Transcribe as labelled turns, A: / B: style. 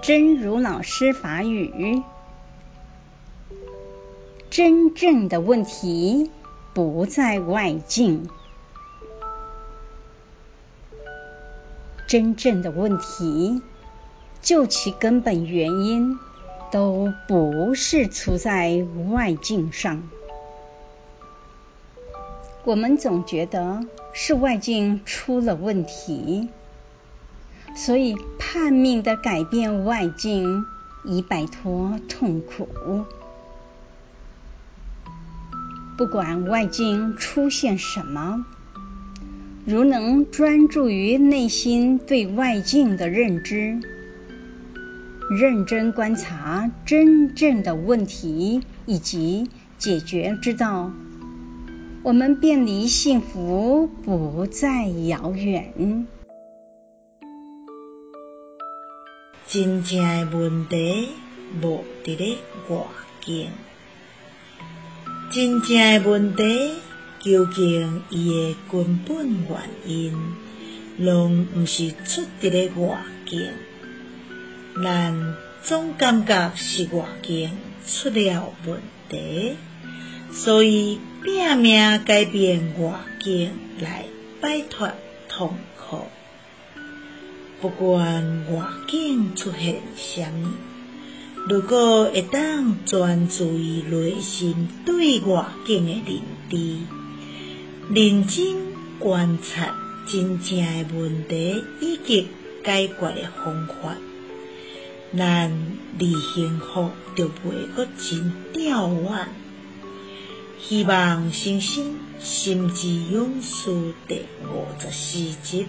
A: 真如老師法語，真正的問題不在外境，真正的問題究其根本原因都不是出在外境上。我們總覺得是外境出了問題，所以，拼命地改變外境，以擺脫痛苦。不管外境出現什麼，如能專注於內心對外境的認知，認真觀察真正的問題以及解決之道，我們便離幸福不再遙遠。
B: 真正的問題無佇咧外境，真正的問題究竟伊誒根本原因，攏毋是出佇咧外境，人總感覺是外境出了問題，所以拼命改變外境來擺脫痛苦。不管外境出現什麼，如果一旦專注於內心對外境的認知，認真觀察真正的問題以及解決的方法，咱離幸福就未擱真遙遠。希望新生，心之勇士第五十四集。